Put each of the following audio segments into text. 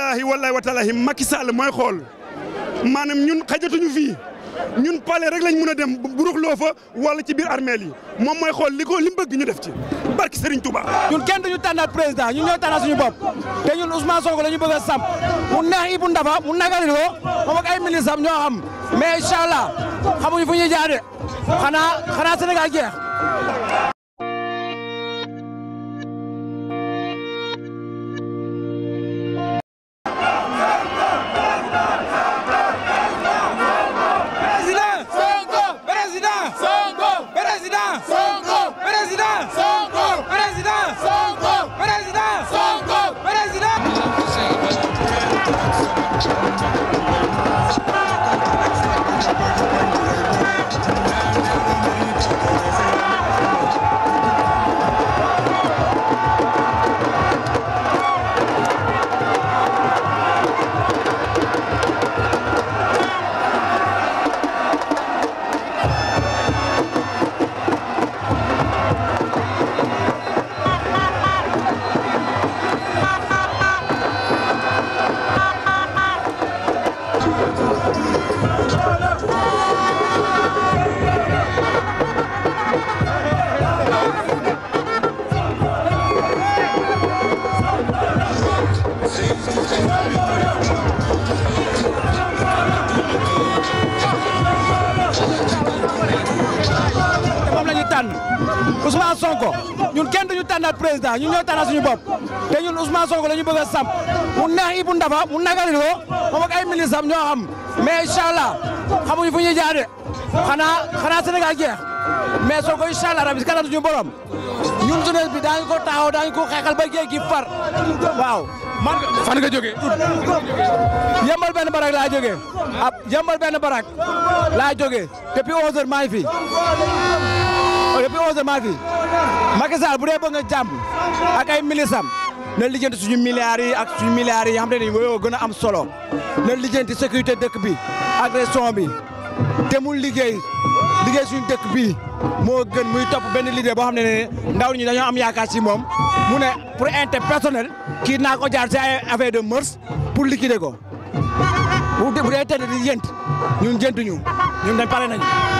billaahi wallaahi wa taalaahi Macky Sall mooy xool maanaam ñun xajatuñu fii ñun palais rek lañ mën a dem bu ruxloo fa ci ci biir armeel yi moom mooy xool li ko li mu bëgg ñu def ci barki Serigne Touba. ñun kenn duñu tànnaat président ñun ñoo tànnaat suñu bopp te ñun Ousmane Sonko la ñu bëgg a samp mu neex Ibou Ndafa mu nagari ko moom ak ay ministres am ñoo xam mais incha allah xamuñu fu ñuy jaade xanaa xanaa Sénégal président ñun ñoo tànn suñu bopp te ñun Ousmane Sonko la ñu bëgg a samp mu neex Ibou Ndafa mu nagalil ko moom ak ay ministre ñoo xam mais incha allah xamuñu fu ñuy jaade xanaa xanaa Sénégal jeex mais Sonko incha allah rabbi kanam borom ñun jeunesse bi daañu ko taxaw daañu ko xeexal ba géej gi far waaw. man fan nga jógee. benn barak laa jógee ab benn barak laa jógee depuis 11h fi. o 11 mars bi Macky Sall bu dee bëgg nga jàmm ak ay milisam na lijjanti suñu milliards ak suñu milliards yi nga xam te gën a am solo na lijjanti sécurité dëkk bi agression bi te mu liggéey liggéey suñu dëkk bi moo gën muy topp benn leader boo xam ne ndaw ñi dañoo am yaakaar ci moom mu ne pour intérêt personnel kii naa ko jaar ci ay affaire de mœurs pour liquider ko bu dee tedd di jënt ñun jëntuñu ñun dañ pare nañu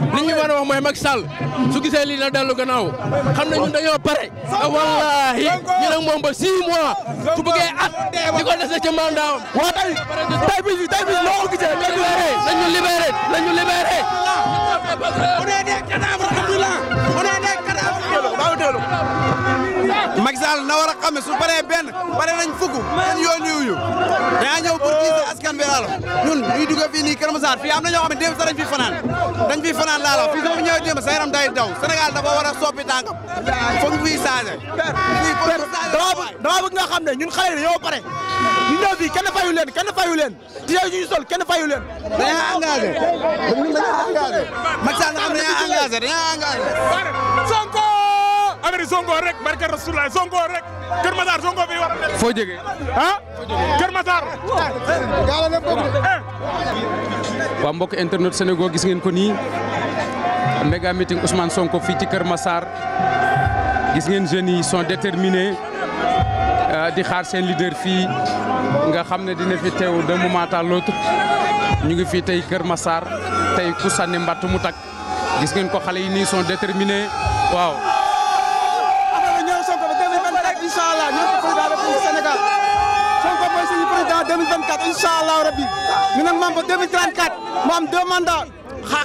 li ñu war a wax mooy Macky Sall su gisee lii na dellu gannaaw xam na ñun dañoo pare te ah, wallaahi ñu ne moom ba 6 mois su bëggee at di ko dese ci mandaawam. waa tey tey bii tey bii loo ko gisee tey bii nañu libéré nañu libéré. on est des cadavres ambulants on est des cadavres ambulants. Macky Sall na war a xam ne su paree benn pare nañ fukk kenn yónni wu ñu dañaa ñëw pour diis askan bi laala ñun ñuy dugg fii nii Kër Massar fii am na ñoo xam ne démb sax dañ fi fanaan dañ fi fanaan laala fii sama ñëwee démb sa yaram day daw Sénégal dafa war a soppi tànkam foog fii changé dama bëgg nga xam ne ñun xale yi dañoo pare ñu ñëw fii kenn fayu leen kenn fayu leen ci yow ñu kenn fayu leen dañaa engagé dañaa engagé Macky Sall na dañaa engagé affaire yi Sonko rek barke Rasulullah Sonko rek Kër Massar Sonko fi war foo jógee ah Kër Massar. Eh. waa mbokk internet Sénégal gis ngeen ko nii méga meeting Ousmane Sonko fii ci Kër masaar gis ngeen jeunes yi sont déterminés eh, di xaar seen leader fii nga xam ne dina fi teew d'un moment à l'autre ñu ngi fii tey Kër Massar tey ku sànni mbatt mu tak gis ngeen ko xale yi nii sont déterminés waaw. ci Sénégal Sonko mooy suñu président 2024 incha allah rabi ñu nag maam ba 2034 mu am deux mandats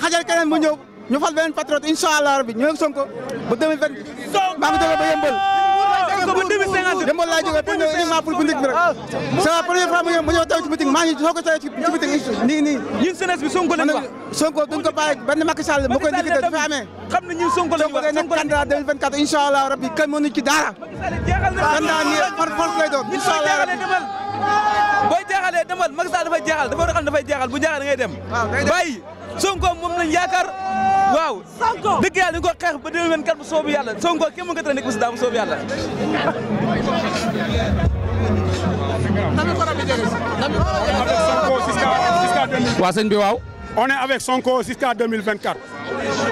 xajal keneen mu ñëw ñu fal beneen patriote incha allah rabi ñu nag Sonko ba 2024 maa ngi jógee ba yëmbal. ko ba 2050. yëmbal laa jógee pour ñëw uniquement pour boutique bi rek. Ah. c'est la première fois ma ñëw taw ci boutique maa bi Sonko lañ wax. Sonko duñ ko bàyyi benn Macky Sall moo koy liggéey xam na ñun Sonko lañ wax Sonko day nekk candidat 2024 incha allah rabbi kenn mënuñu ci dara. candidat nii par force lay doon incha allah booy jeexalee demal Macky a xam dafay bu jeexal da ngay dem. waaw Sonko moom lañ yaakaar waaw. Sonko dëgg yàlla ñu ko xeex ba 2024 bu soobu yàlla Sonko kenn mu nga tëral nekk président bu soobu yàlla. waa sëñ bi waaw. on est avec Sonko jusqu'à 2024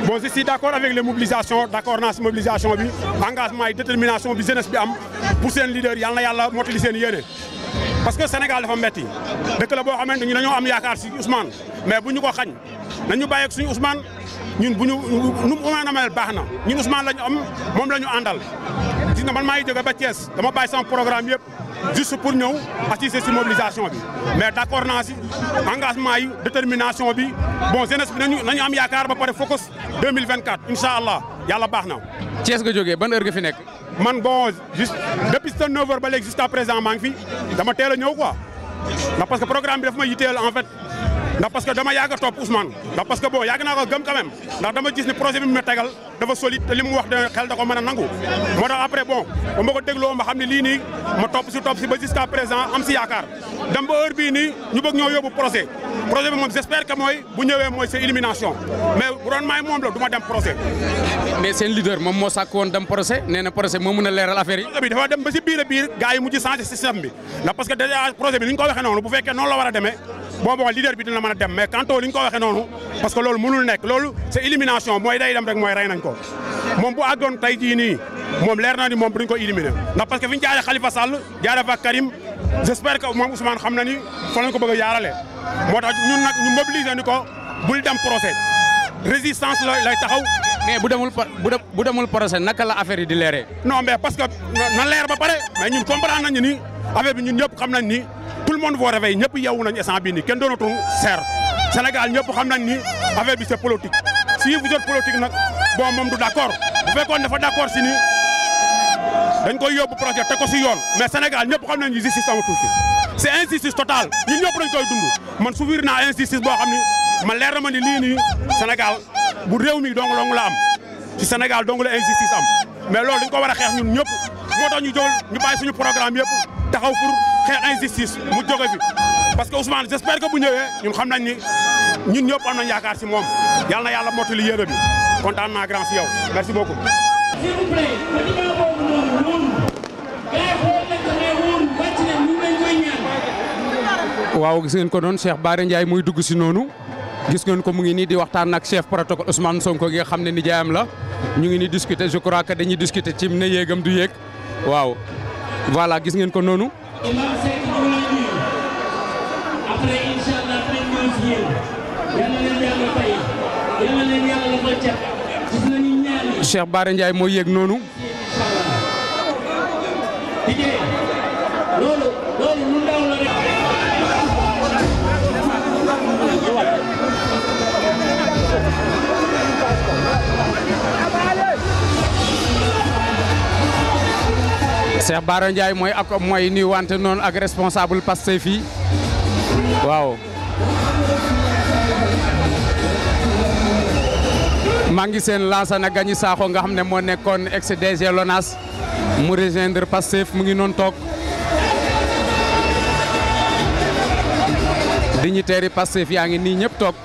bon je suis d'accord avec les mobilisations d'accord naa mobilisation bi engagement yi bi jeunesse bi am pour seen leader yal yàlla motali seen yéene parce que Sénégal dafa metti dëkk la boo xamante ñu dañoo am yaakaar si Ousmane mais bu ñu ko xañ nañu bàyyi ak suñu Ousmane ñun bu ñu nu mu Ousmane amee baax na ñun Ousmane lañu am moom la ñu àndal. gis nga man maa ngi jóge ba Thiès dama bàyyi sama programme yëpp juste pour ñëw assister si mobilisation bi mais d' accord naa si engagement yi détermination bi bon jeunesse bi nañu am yaakaar ba pare focus 2024 incha allah yàlla baax na. Thiès nga jógee ban heure fi nekk. man bon juste depuis 9h ba léegi jusqu'à présent maa ngi fi dama teel a ñëw quoi ndax parce que programme bi daf ndax parce que dama yàgg a topp Ousmane ndax parce que bon dama gis ni projet bi mu tegal dafa solide te li mu wax xel da ko mën a nangu moo tax après bon ba ko dégloo ma xam ne lii nii ma topp si topp si ba jusqu'à présent am si yaakaar dem ba heure bii nii ñu bëgg ñoo yóbbu projet projet bi moom j'espère que mooy bu ñëwee mooy c'est élimination mais bu doon moom la du ma dem projet mais seen leader moom moo sàkk woon dem a leeral projet bi projet bi ni ñu ko bu fekkee noonu la war a boo boo leader bi dina mën a dem mais quant li ñu ko waxee noonu parce que loolu mënul nekk loolu c'est élimination mooy day dem rek mooy rey nañ ko moom bu àggoon tey jii nii moom leer na ni moom duñ ko éliminer ndax parce que fi ñu jaaree Khalifa Sall fa Karim j'espère que moom Ousmane xam na ni fa lañ ko bëgg a yaarale moo tax ñun nag ñu mobiliser ko bul dem procès résistance lay taxaw. mais bu demul bu demul procès naka la affaire yi di leere non mais parce que na leer ba ñëpp xam nañ monde vont réveiller ñëpp yeewu nañu instant bii nii kenn doonatu seer Sénégal ñëpp xam nañ ni affaire bi c'est politique si vous êtes politique nag bon moom du d'accord bu fekkoon dafa d'accord si ni dañ koy yóbbu projet te ko si yoon mais Sénégal ñëpp xam nañ ni justice amatul fi c'est injustice totale ñun ñëpp dañ koy dund man souffrir naa injustice boo xam ni man leer ni lii Sénégal bu réew mi dong dong la am ci Sénégal dong la injustice am mais loolu dañ ko war a xeex taxaw pour xeex injustice mu parce que Ousmane j'espère que bu ñëwee ñun xam nañ ni ñun ñëpp am nañ yaakaar si moom yal yàlla mottali yéene bi kontaan naa grand si yow merci beaucoup. s'il vous plaît waaw gis ngeen ko noonu Cheikh Bara Ndiaye muy dugg si noonu gis ngeen ko mu ngi nii di waxtaan ak chef protocole Ousmane Sonko gi nga xam ne nijaayam la ñu ngi nii discuter je crois que dañuy discuter ci ne yéegam du yéeg waaw. voilà gis ngeen ko noonu. Cheikh Bara Ndiaye mooy yéeg noonu. Cheikh Bara Ndiaye mooy ak mooy nuy wante noon ak responsable Pastef yi waaw maa ngi seen Lansana Gagny Sakho nga xam ne moo nekkoon ex DG Lonas mu rejoindre Pastef mu ngi noon toog dignitaires yi Pastef yaa ngi nii ñëpp toog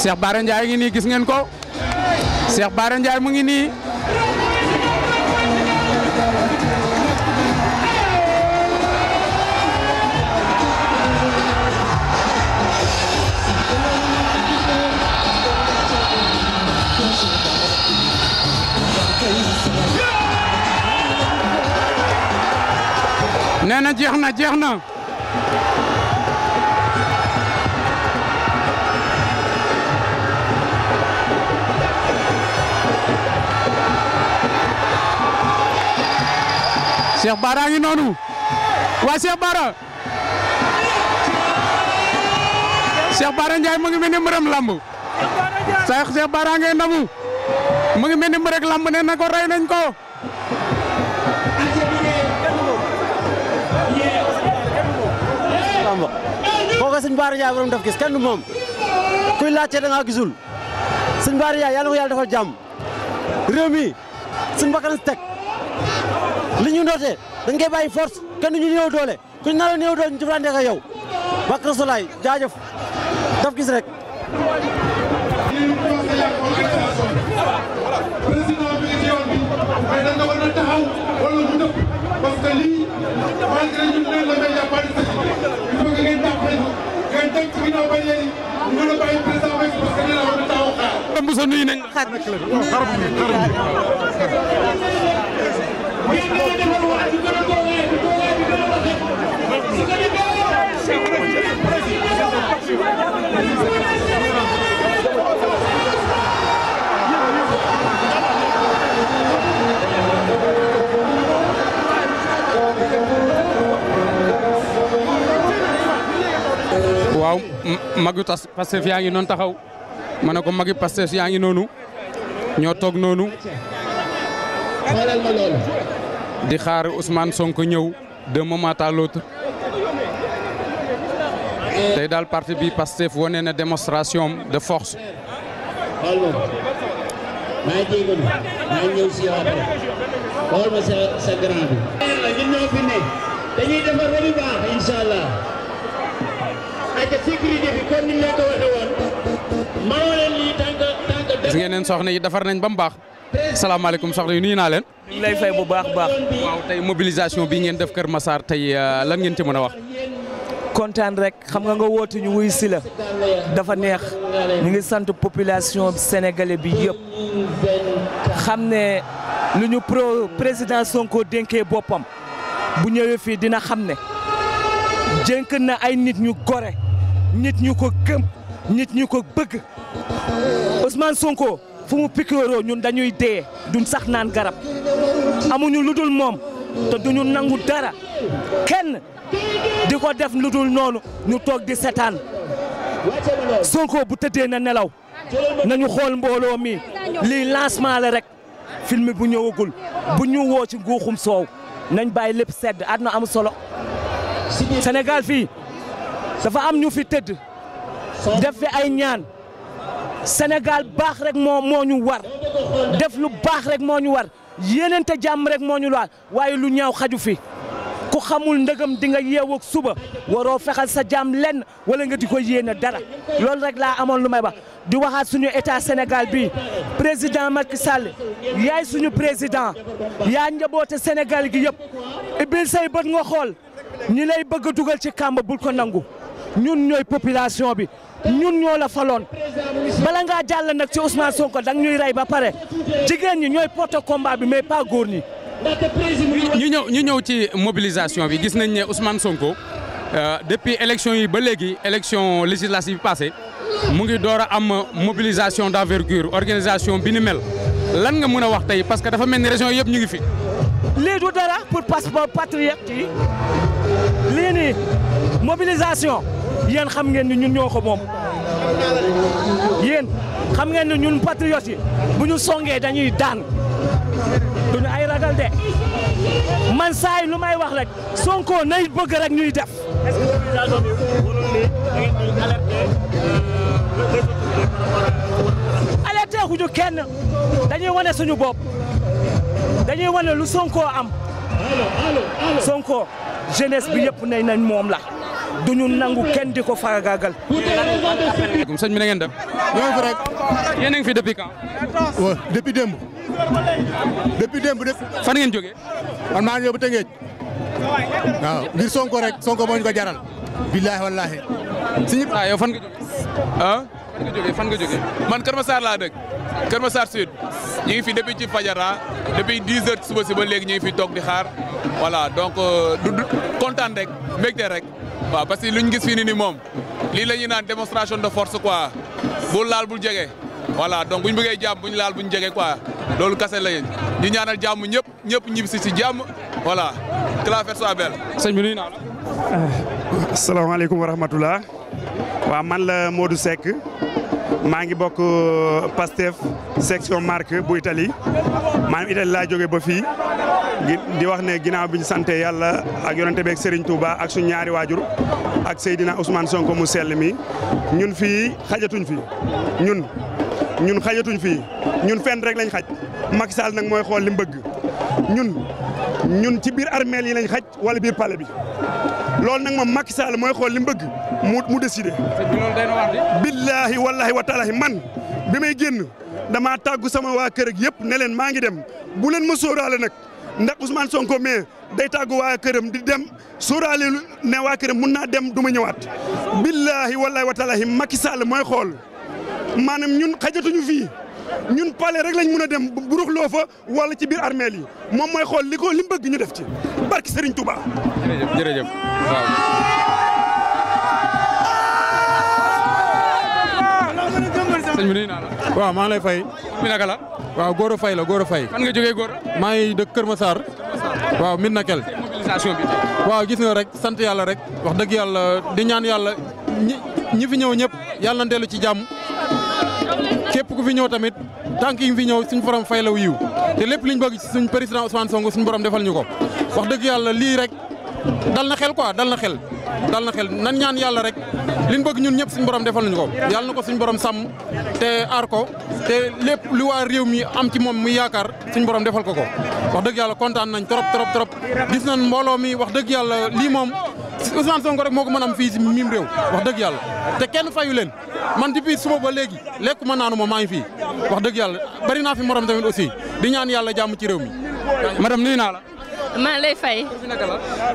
Cheikh Bara Ndiaye ngi nii gis ngeen ko Cheikh Bara Ndiaye mu ngi nii na jeex na jeex na Cheikh Bara ngi noonu waa Cheikh Bara Cheikh Bara Ndiaye mu ngi mel ni mbërëm lamb Bara ngay ndamu mu ngi mel lamb nee na ko rey ko ko sëñ Baara Ndiaye borom kenn moom kuy laajte da ngaa gisul sëñ Baara Ndiaye yàlla na ko yàlla defal jàmm réew mi li ñu noote dañ koy bàyyi force kenn ñu néew doole kuñ nar a néew doole ñu jëflante ak yow bakka solaay jaajëf daf mu dëpp parce lii malgré ñun ne la ngay jàppale Bassirou ngeen dem ci ginnaaw bañ leen ñu mën a bàyyi président Macky parce que nee naa war na taxaw xaar. kon Moussa nuyu nañ la. ngeen defal waa ji gën a doole bi doole bi gën a rafet su ko defee magu tas Pastef yaa ngi noonu taxaw ma ne ko magi Pastef yaa ngi noonu ñoo toog noonu di xaar Ousmane Sonko ñëw d'un tey daal parti bi Pastef wane na démonstration de force xool sa sa dañuy defar ba mu baax incha allah sécurité bi ngeen ne soxna yi defar nañ ba mu baax. salaamaaleykum soxna yi nuyu naa leen. ñu ngi lay fay bu baax baax. waaw tey mobilisation bi ngeen def Kër masaar tey euh, lan ngeen ci mën a wax. kontaan rek xam nga nga woote wuy sila dafa neex ñu ngi sant population sénégalais bi yëpp xam ne nu ñu pro président Sonko dénkee boppam bu ñëwee fii dina xam ne jënk na ay nit ñu gore nit ñu ko gëm nit ñi ko bëgg Ousmane Sonko fu mu pikirooroo ñun dañuy dee duñ sax naan garab amuñu lu dul moom te duñu nangu dara kenn di ko def lu dul noonu ñu toog di setaan Sonko bu tëddee na nelaw nañu xool mbooloo mi lii lancement la rek film bu ñëwagul bu ñu woo ci nguuxum soow nañ bàyyi lépp sedd àdduna am solo Sénégal fii dafa am ñu fi tëdd def fi ay ñaan Sénégal baax rek moo moo ñu war def lu baax rek moo ñu war yéeneente jàmm rek moo ñu laal waaye lu ñaaw xaju fi ku xamul ndëgëm di nga yeewoo ak suba waroo fexal sa jàmm lenn wala nga di ko yéene dara loolu rek laa amoon lu may wax di waxaat suñu état Sénégal bi président Macky Sall yaay suñu président yaa njaboote Sénégal gi yëpp ibil say bët nga xool ñi lay bëgg dugal ci kàmba bul ko nangu. ñun ñooy population bi ñun ñoo la faloon bala ngaa jàll nag ci Ousmane Sonko dang ñuy rey ba pare jigéen ñi ñooy porte combat bi mais pas góor ñi. ñu ñëw ñu ñëw ci mobilisation bi gis nañ ne Ousmane Sonko euh, depuis élection yi ba léegi élection législative passée mu ngi door a am mobilisation d'envergure organisation bi ni mel lan nga mën a wax tey parce que dafa mel ni région yëpp ñu ngi fi. lii du dara pour passeport patriote yi lii nii mobilisation. yéen xam ngeen ni ñun ñoo moom yéen xam ngeen ni ñun patriotes yi bu ñu songee dañuy daan duñu ay ragal de man saay lu may wax rek Sonko nay bëgg rek ñuy def. est-ce que kenn dañuy wane suñu bopp dañuy wane lu Sonko am Sonko jeunesse bi yëpp ne nañ moom la. du ñu nangu kenn di ko faagaagal. asalaamaaleykum sëñ bi na ngeen def. ñoo ngi fi rek. yéen a ngi fi depuis quand. waaw depuis démb. depuis fan ngeen jógee. man maa ngi ñëw ngir Sonko rek Sonko moo ko jaral. billaahi wallaahi. sëñ ah fan nga jógee. man Kër Masar laa dëkk. Kër Masar Sud. ñu ngi fi depuis ci Fajara depuis 10 heures suba si ba léegi ñu ngi fi toog di xaar voilà donc euh, du kontaan rek mbégte rek. waaw parce que lu ñu gis fii nii nii moom lii la ñuy naan démonstration de force quoi bul laal bu jege voilà donc bu ñu bëggee jàmm bu ñu laal bu ñu jege quoi loolu kase la yéen ñu ñaanal jàmm ñëpp ñëpp ñib si si jàmm voilà que la fête sëñ bi nuyu naa la. Ah, asalaamaaleykum wa rahmatulah. waa man la moodu sek maa ngi bokk euh, Pastef section marque bu Italie maanaam Italie laa jóge ba fii di wax ne ginaaw bi ñu sante yàlla ak yonente beeg Serigne Touba ak suñu ñaari waajur ak Seydina Ousmane ko mu sell mi ñun fii xajatuñ fi ñun ñun xajatuñ fi ñun fen rek lañ xaj Macky nag mooy xool li bëgg ñun ñun ci biir armeel yi lañ xaj wala biir palais bi loolu nag moom Macky Sall mooy xool li mu bëgg mu mu décidé. billaahi wallaahi wa taalaahi man bi may génn damaa tàggu sama waa kër yëpp ne leen maa ngi dem bu leen ma sóoraale nag ndax Ousmane Sonko mais day tàggu waa këram di dem sóoraale ne waa këram mun naa dem du ma ñëwaat. billaahi wallaahi wa taalaahi Macky Sall mooy xool maanaam ñun xajatuñu fii. ñun palais rek lañ mën a dem bu ruxloo fa ci biir armeel yi moom mooy xool li ko li mu ñu def ci barki Serigne Touba. waaw. sëñ bi nuyu naa waaw maa ngi lay fay. mi naka la. waaw Goro Faye la Goro Faye. kan nga jógee maa ngi dëkk Kër waaw min na waaw gis nga rek sant yàlla rek. wax dëgg yàlla di ñaan yàlla ñi fi ñëw ñëpp yàlla na ci jàmm. képp ku fi ñëw tamit tànk yi fi ñëw suñu borom fay law yiw te lépp liñ bëgg suñ président Ousmane Sonko borom defal ñu ko wax dëgg yàlla lii rek dal xel quoi dal xel nan ñaan yàlla rek liñ bëgg ñun ñëpp suñu borom defal nañu ko yàlla na ko suñu borom sàmm te aar ko te lépp lu waa réew mi am ci moom muy yaakaar suñu borom defal ko ko wax dëgg yàlla kontaan nañ trop trop trop gis nañ mbooloo wax dëgg yàlla lii moom Ousmane Sonko rek moo ko mën am fii wax dëgg yàlla te kenn fayu leen man depuis suba ba léegi lekku ma naanu ma maa ngi fii wax dëgg yàlla bari naa fi morom tamit aussi di ñaan yàlla jàmm ci réew mi madame nuyu naa la man lay fay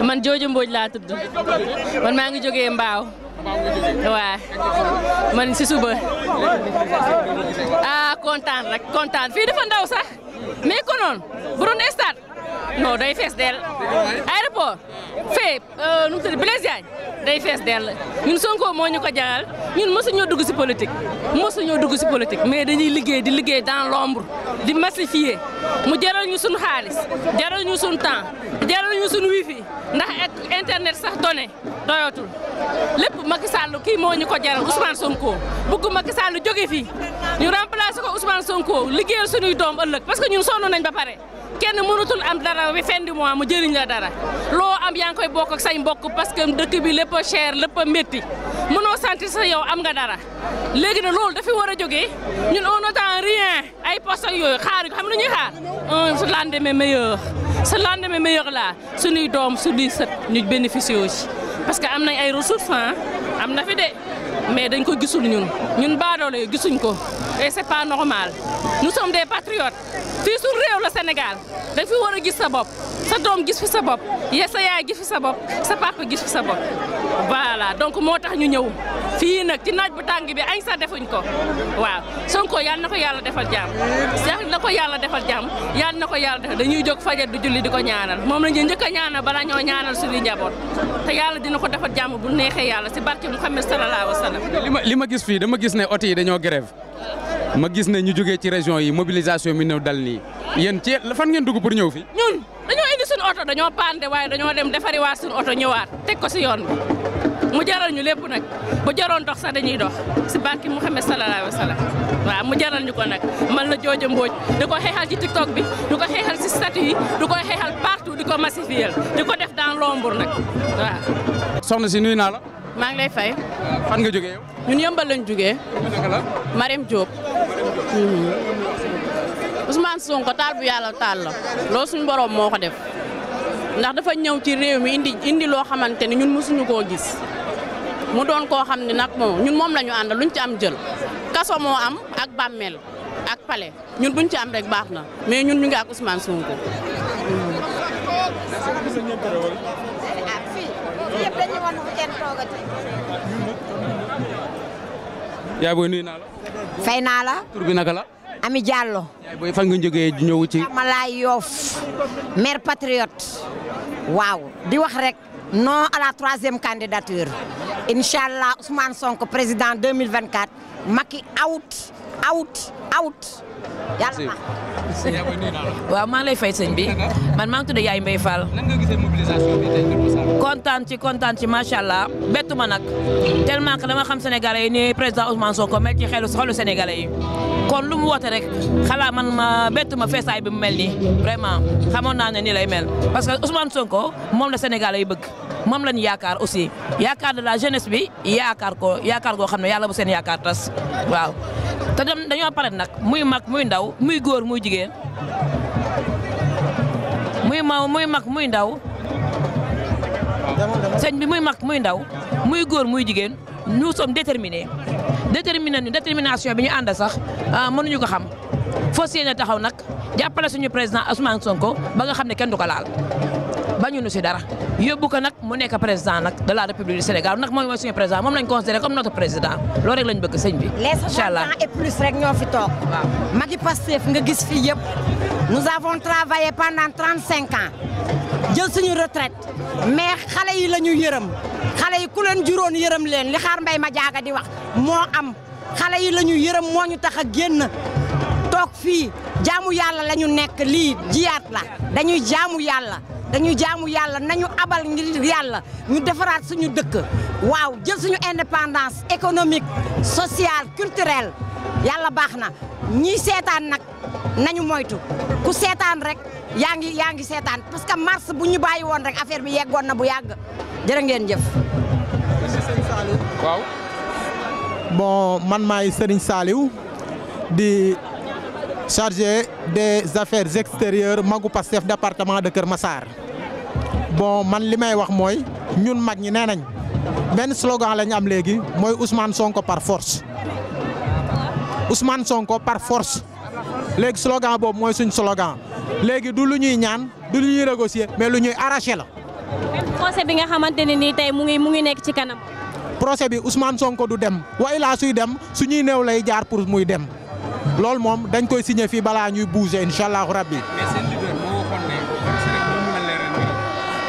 man Joojo Mbooj laa tudd man maa ngi jógee Mbaaw waaw man si suba ah kontaan rek kontaan fii dafa ndaw sax mais konoon bu doon stade non day fees dell aéroport fee euh, nu mu tudd Blaise Diagne day fees dell ñun Sonko moo ñu ko jaral ñun mosuñoo dugg si politique mosuñoo dugg si politique mais dañuy liggéey di liggéey dans l'ombre di massifier mu jaral ñu suñu xaalis jaral ñu suñu temps jaral ñu suñu wifi ndax ak internet sax donné doyatul lépp Macky Sall kii moo ñu ko jaral Ousmane Sonko bugg Macky Sall jóge fii ñu remplacer ko Ousmane Sonko liggéeyal suñuy doom ëllëg parce que ñun sonn nañ ba pare dara bi fin du mois mu jëriñ la dara loo am yaa koy bokk ak say mbokk parce que dëkk bi lépp a lépp a métti mënoo santi sa yow am nga dara léegi nag loolu dafi war a jógee ñun on attend rien ay post ak yooyu xaar yi xam lu ñuy xaar un lendemain meilleur sa lendemain meilleur la suñuy doom suñuy sët ñu bénéficié ci parce que am nañ ay ressources ah am na fi de mais dañ ko gisul ñun ñun baadoolo yi gisuñ ko et c'est pas normal nous sommes des patriotes fii suñu la Sénégal da fi war gis sa bopp sa doom gis fi sa bopp ya sa yaay gis fi sa bopp sa papa gis fi sa bopp voilà donc moo tax ñu ñëw fii nag ci naaj bu tàng bi añ sax defuñ ko waaw Sonko yal na ko yàlla defal jàmm yal na ko yàlla defal jàmm yal na ko yàlla defal dañuy jóg fajar du julli di ko ñaanal moom la ñuy njëkk a ñaanal bala ñoo ñaanal suñuy njaboot te yàlla dina ko defal jàmm bu neexee yàlla si barke Muhammad sallallahu alayhi wa sallam li ma li ma gis fii dama gis ne oto yi dañoo grève ma gis ne ñu jógee ci région yi mobilisation mi new dal nii yéen ci fan ngeen dugg pour ñëw fi ñun oto dañoo pande waaye dañoo dem defariwaat suñu oto ñëwaat teg ko si yoon bi mu jaral ñu lépp nag bu jaroon dox sax dañuy dox si barki Mouhamed sallallahu alayhi wa sallam waaw mu jaral ñu ko nag man na Jojo Mbodj di ko xeexal ci TikTok bi du ko xeexal si statut yi di ko xeexal partout di ko massifier di ko def dans l'ombre nag waaw. soxna si nuy naa la. maa ngi fay. fan nga jóge yow. ñun yëmbal lañ jóge la. Marème Diop. Ousmane Sonko taal bu yàlla taal la loolu suñu borom moo ko def. ndax dafa ñëw ci réew mi indi indi loo xamante ni ñun mësuñu koo gis mu doon koo xam ne nag moom ñun moom la ànd àndal luñ ci am jël kaso moo am ak bàmmeel ak pale ñun buñ ci am rek baax na mais ñun ñu ngi ak Ousmane Sonko. yaa booy nuyu naa la. fay naa la. tur la. Ami Diallo. booy fan nga jógee ñëw ci. ma laay yoof maire patriote waaw di wax rek non à la troisième candidature incha allah Ousmane Sonko président 2024 Macky out out out. yàlla waaw maa lay fay sëñ bi man maa ngi tudd Yaay Mbaye Fall. nan kontaan ci kontaan ci macha allah bettu ma nag tellement que dama xam sénégalais yi ni président Ousmane Sonko mel ci xelu xolu sénégalais yi. kon lu mu woote rek xalaa man ma bett ma feesaay bi mu mel nii vraiment xamoon naa ne nii lay mel parce que Ousmane Sonko moom la Sénégal ay bëgg moom lañu yaakaar aussi yaakaar de la jeunesse bi yaakaar ko yaakaar goo xam ne yàlla bu seen yaakaar tas waaw te dem dañoo pare nag muy mag muy ndaw muy góor muy jigéen muy maw muy mag muy ndaw sëñ bi muy mag muy ndaw muy góor muy jigéen nous sommes déterminés déterminé ñu détermination bi ñu ànd sax ah, ñu ko xam fas yéene taxaw nag jàppale suñu président Ousmane Sonko ba nga xam ne kenn du ko laal bañu nu si dara yóbbu ko nag mu nekk président nag de la république du Sénégal nag mooy mooy suñu président moom lañ considéré comme notre président loolu rek lañ bëgg sëñ bi. incha allah les 60 ans et plus rek ñoo fi toog. waaw magi Pastef nga gis fii yëpp. nous avons travaillé pendant 35 ans. jël suñu retraite mais xale yi la ñu yërëm xale yi ku juróon yërëm leen li xaar mbay ma jaaga di wax moo am xale yi la ñu yërëm moo ñu tax a génn toog fii jaamu yàlla la ñu nekk lii jiyaat la dañuy jaamu yàlla dañuy jaamu yàlla nañu abal ngir yàlla ñu defaraat suñu dëkk waaw jël suñu indépendance économique sociale culturelle yàlla baax na ñii seetaan nag nañu moytu ku seetaan rek yaa ngi yaa ngi seetaan parce que mars bu ñu bàyyi woon rek affaire bi yeggoon na bu yàgg jërë ngeen jëf. waaw. bon man maay Serigne Saliou di chargé des affaires extérieures magu Pastef département de Kër Massar bon man li may wax mooy ñun mag ñi nee nañ benn slogan la ñu am léegi mooy Ousmane Sonko par force Ousmane Sonko par force léegi slogan boobu mooy suñ slogan. léegi du lu ñuy ñaan du lu ñuy négocier mais lu ñuy arraché la. procès bi nga xamante ne nii tey mu ngi mu ngi nekk ci kanam. procès bi Ousmane Sonko du dem way laa suy dem su ñuy néew lay jaar pour muy dem loolu moom dañ koy signé fii balaa ñuy bouger incha allahu rabbi.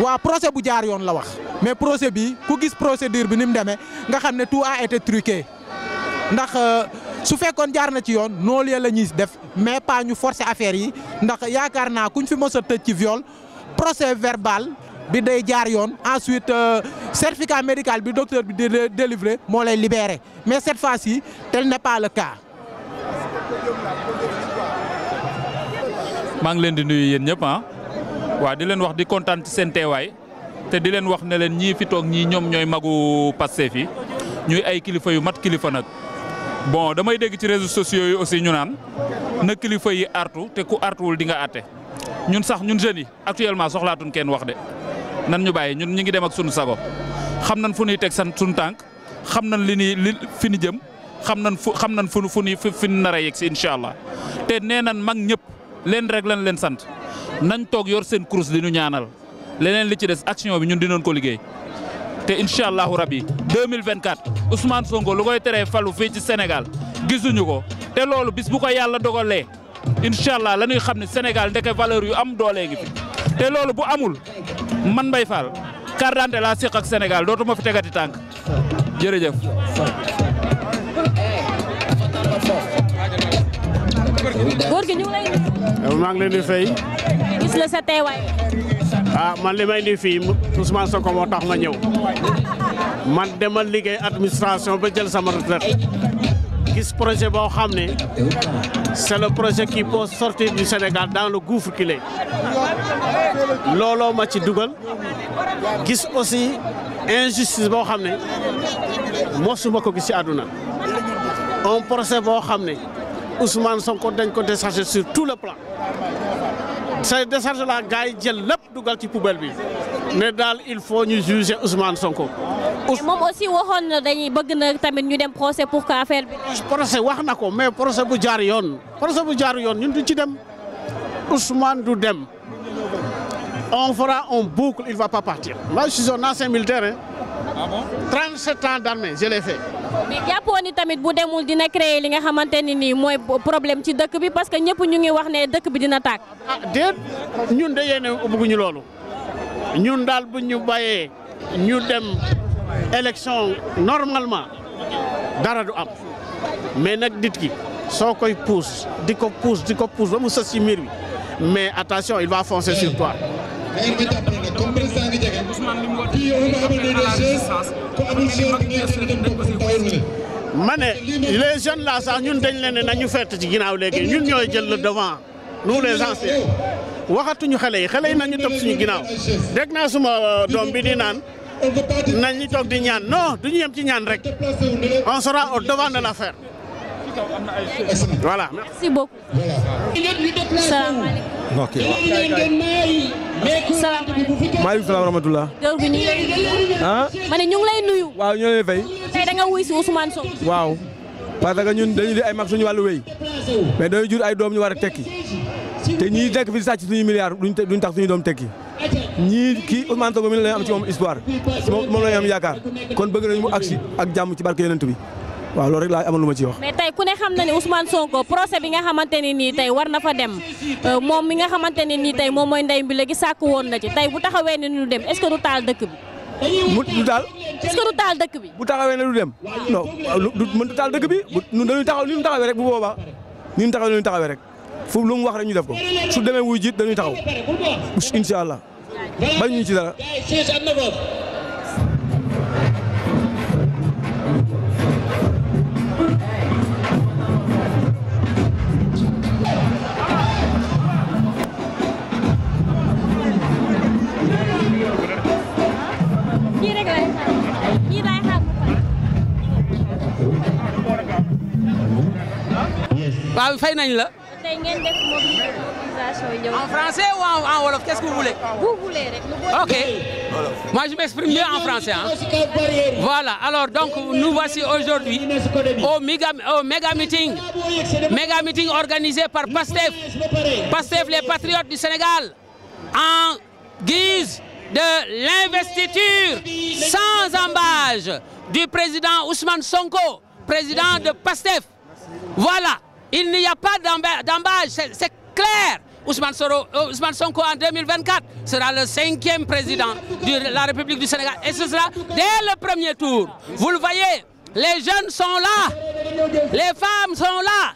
waa procès bu jaar yoon la wax mais procès bi ku gis procédure bi ni mu demee nga xam ne tout a été truqué ndax. Euh, su fekkoon jaar na ci yoon noolu ya la ñuy def mais pas ñu forcer affaire yi ndax yaakaar naa kuñ fi mos a tëj ci viol procès verbal bi day jaar yoon ensuite euh, certificat médical bi docteur bi di délivré moo lay libéré mais cette fois-ci tel n'est pas le cas. maa ngi leen di nuyu yéen ñëpp ah waa di leen wax di kontaan ci seen teewaay te di leen wax ne leen ñii fi toog ñii ñoom ñooy magu Pastef yi ñuy ay kilifa yu mat kilifa nag. bon damay dégg ci réseaux sociaux yi aussi ñu naan na kilifa yi artu te ku artuwul di nga àtte ñun sax ñun jeunes yi actuellement soxlaatuñ kenn wax de nan ñu bàyyi ñun ñu ngi dem ak sunu sago xam nañ fu ñuy teg san sunu tànk xam nañ li ni li fi ñu jëm xam nañ fu xam nañ fu fu ñuy fi ñu nar a yegg si incha allah te nee nan mag ñëpp leen rek lañ leen sant nañ toog yor seen kurus di ñu ñaanal leneen li ci des action bi ñun dinañ ko liggéey. te incha allahu rabi 2024 Ousmane Sonko lu koy teree falu fii ci Sénégal gisuñu ko te loolu bis bu ko yàlla dogalee incha allah la xam ne Sénégal ndeke valeur yu am doolee ngi fi te loolu bu amul man Mbaye fal carte d'identité laa séq ak Sénégal dootuma fi tegati tànk jërëjëf. góor gi ñu ngi lay. maa leen di fay. gis la sa teewaay. ah man li may indi fii Ousmane Sonko moo tax ma ñëw man demal liggéey administration ba jël sama retraite gis projet boo xam ne c'est le projet qui peut sortir du Sénégal dans le gouffre qu'il looloo ma ci dugal gis aussi injustice boo xam ne mosuma ko gis ci àdduna un procès boo xam ne Ousmane Sonko dañ ko décharger sur tout le plan sa décharge la gars yi jël lépp dugal ci poubelle bi ne daal il faut ñu juger Ousmane Sonko. mais moom aussi waxoon na dañuy bëgg na tamit ñu dem procès pour que affaire bi. procès wax na ko mais procès bu jaar yoon. procès bu jaar yoon ñun duñ ci dem Ousmane du dem on fera un boucle il va pas partir. moi je suis un ancien ah bon 37 ans d'armée je l'ai tamit bu demul dina créer li nga xamante ne nii mooy problème ci dëkk bi parce que ñëpp ñu ngi wax ne dëkk bi dina tàkk. ah ñun de yéene bëgguñu loolu ñun daal bu ñu bàyyee ñu dem élection normalement dara du am mais nag nit ki soo koy pousse di ko pousse di ko pousse ba mu sës ci mur bi mais attention il va foncer sur ma ne les jeunes là sax ñun dañ leen ne nañu fett ci ginnaaw léegi ñun ñooy jël le devant nous waxatuñu xale yi xale yi nañu topp suñu ginnaaw dégg naa suma doom bi di naan nañu toog di ñaan non duñu yem ci ñaan rek on sera au devant de l'affaire voilà merci beaucoup salaamaaleykum ok salaamaaleykum. maaleykum salaam wa rahmatulah. Dóor bi ñu ngi lay nuyu. ah. ma ne ñu ngi lay nuyu. waaw ñu ngi lay fay. tey da wuy si Ousmane waaw parce que ñun dañu di ay mag suñu wàllu wéy mais dañuy jur ay doom ñu war tekki te ñii nekk fi sàcc suñu milliards duñ tax suñu doom tekki ñii kii Ousmane Sonko mi la am ci moom histoire moom la am yaakaar kon bëgg nañu mu agsi ak jàmm ci barke yonent bi. waaw loolu rek laa amal lu ma ci wax. mais tey ku ne xam na ne Ousmane Sonko procès bi nga xamante ne nii tey war na fa dem euh, moom mi nga xamante ne nii tey moom mooy ndey bi léegi sàkk woon na ci tey bu taxawee ne nu dem est-ce que du taal dëkk bi. mu du taal. dëkk bi. bu taxawee ne du dem non du du taal dëkk bi bu ñun dañuy taxaw li ñu taxawee rek bu boobaa ni ñu taxawee dañuy taxawee rek fu lu mu wax rek ñu def ko su demee wuy jiit dañuy taxaw incha allah bañ ñu ci dara. waaw fay nañ la. tey ngeen en français ou en, en qu'est-ce que vous voulez. ok moi je m'exprime mieux en français alors donc nous voici aujourd'hui au méga au organisé par PASTEF PASTEF les patriotes du Sénégal en guise de l'investiture sans embâche du président Ousmane Sonko président de PASTEF voilà. Il n'y a pas d'embâche, c'est clair. Ousmane, Soro, euh, Ousmane, Sonko en 2024 sera le cinquième président de la République du Sénégal. Et ce sera dès le premier tour. Vous le voyez, les jeunes sont là, les femmes sont là.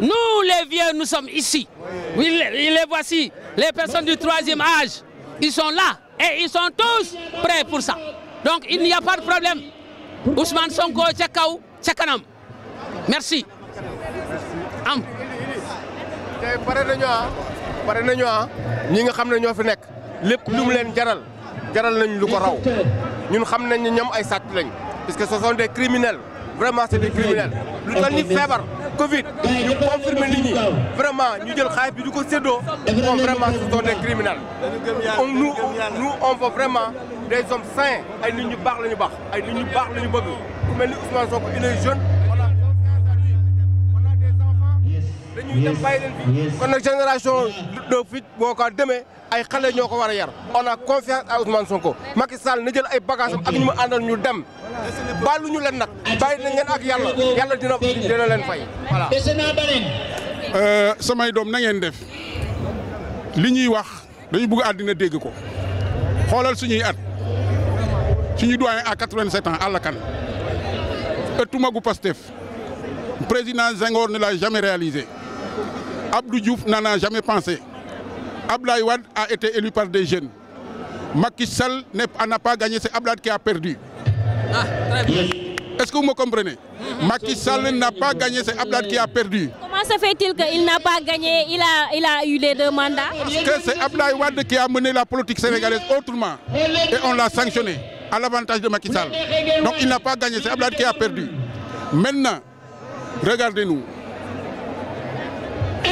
Nous, les vieux, nous sommes ici. les, les voici, les personnes du troisième âge. Ils sont là et ils sont tous prêts pour ça. Donc, il n'y a pas de problème. Ousmane Sonko, Tchakaou, Tchakanam. Merci. am. pare bare nañu ah bare nañu ah ñi nga xam ne ñoo fi nekk lépp lu mu leen jaral jaral nañ lu ko raw ñun xam nañ ne ñoom ay sàcc lañ parce que ce sont des criminels vraiment c'est des criminels lu toll ni feebar Covid ñu confirmer nit vraiment ñu jël xaalis bi du ko séddoo moom vraiment ce sont des criminels on nous on veut vraiment des hommes sains ay nit ñu baax la ñu baax ay nit ñu baax la ñu bëgg ku mel ni Ousmane Sonko il jeune ñu dem bàyyi leen fi kon nag génération doo boo ko demee ay xale ñoo ko war a yar on a confiance à Ousmane Sonko Macky Sall na jël ay bagages am ak ñu mu àndal ñu dem baalu ñu leen nag bàyyi nañ leen ak yàlla yàlla dina dina leen fay voilà. Euh, samay doom na ngeen def li ñuy wax dañu bëgg àddina dégg ko xoolal suñuy at suñu ñu à 87 ans àll kan ëttu magu Pastef président Senghor ne l'a jamais réalisé. Abdou Diouf n'en a jamais pensé. Abdoulaye Wade a été élu par des jeunes. Macky Sall n'a pas gagné, c'est Abdoulaye qui a perdu. Ah, très bien. Est-ce que vous me comprenez mmh. n'a pas gagné, c'est Abdoulaye qui a perdu. il qu'il n'a pas a, il a eu les Parce que c'est Abdoulaye Wade qui a mené la politique sénégalaise autrement. Et on l'a sanctionné à l'avantage de Macky Donc il n'a pas gagné, c'est Abdoulaye qui a perdu. Maintenant, regardez-nous.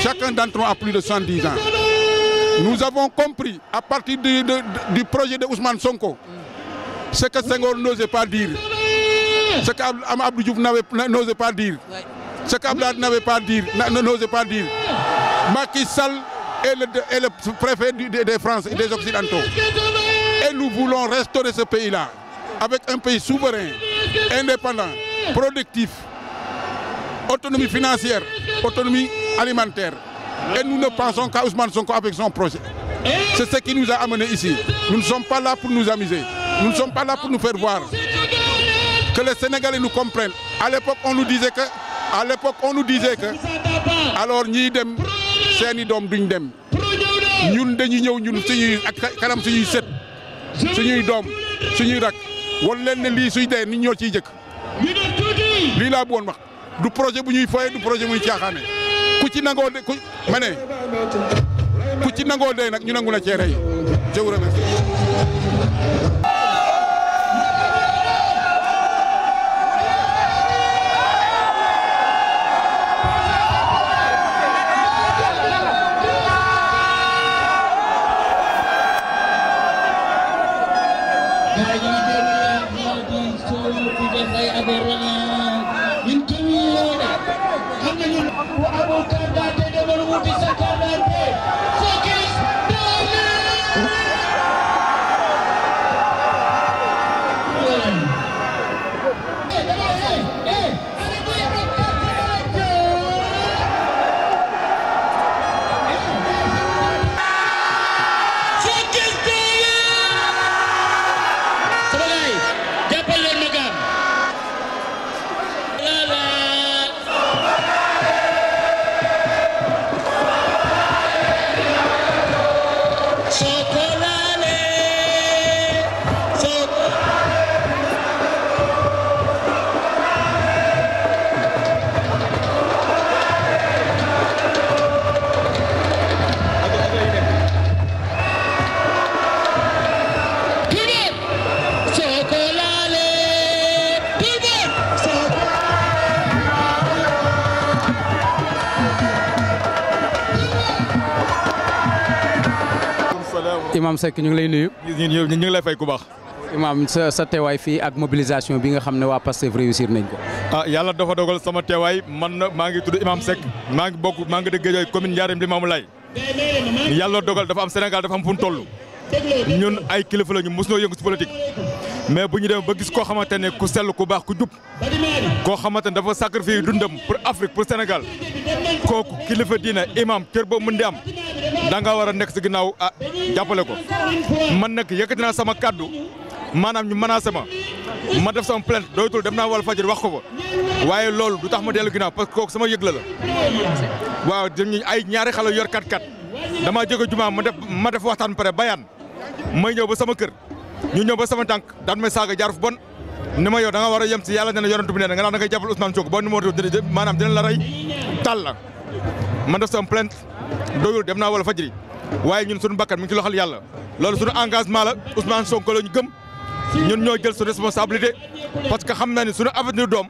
Chacun d'entre nous a plus de 110 ans. Nous avons compris, à partir du, de, projet de Ousmane Sonko, ce que Senghor n'osait pas dire, ce qu'Abdou Diouf n'osait pas dire, ce qu'Ablad n'avait pas dire, n'osait pas dire. Macky Sall est le, est le préfet des de France et des Occidentaux. Et nous voulons restaurer ce pays-là avec un pays souverain, indépendant, productif, autonomie financière, alimentaire. Et nous ne pensons qu'à Ousmane Sonko avec son projet. C'est ce qui nous a amenés ici. Nous ne sommes pas là pour nous amuser. Nous ne sommes pas là pour nous faire voir. Que les Sénégalais nous comprennent. À l'époque, on nous disait que à l'époque, ñiy dem seeni doom duñ dem ñun dañuy ñëw ñun suñuy ak kanam suñuy sët suñuy doom suñuy rak wan leen ne lii suy dee nit ñoo ci jëkk lii laa bëggoon wax du projet bu ñuy foyee du projet bu ñuy caaxaane ci nangoo de ku ma ne ci nangoo dee nag ñu nangu la cee rey je Imaam Seck ñu ngi lay nuyu. ñu ngi ak mobilisation bi nga xam ne waa Pastef réussir nañ ko. ah yàlla dafa dogal sama teewaay man maa ngi tudd Imaam Seck maa ngi bokk maa ngi dëgg yooyu commune Ndiarème Limamoulaye yàlla dogal dafa am Sénégal dafa am fu mu toll ñun ay kilifa la ñu mosunoo yëngu si politique mais bu ñu dem ba gis koo xamante ne ku sell ku baax ku jub koo xamante ne dafa sacrifice dundam pour Afrique pour Sénégal kooku kilifa diine imam kër boo mën di am. da nga war a nekk si ginnaaw ah jàppale ko man nag yëkkati naa sama kàddu maanaam ñu menacé ma ma def sama plainte doytul dem naa Walf Fadjri wax ko fa waaye loolu du tax ma dellu ginnaaw parce que kooku sama yëgla la waaw ñu ay ñaari xale yor kat kat jeg jóge jumaa ma def ma def waxtaan pare bayaan may ñëw ba sama kër ñu ñëw ba sama tànk daan may saaga jaar fu bon ni ma yow da nga war a yem si yàlla nee na yonent bi nee na nga naan da ngay jàppale Ousmane Sonko ba numéro maanaam dina la rey tal la ma def sama plainte doyul dem naa wala fajri waaye ñun suñu bakkan mi ngi ci loxol yàlla loolu suñu engagement la Ousmane Sonko la ñu gëm ñun ñoo jël suñu responsabilité parce que xam naa ne suñu avenir doom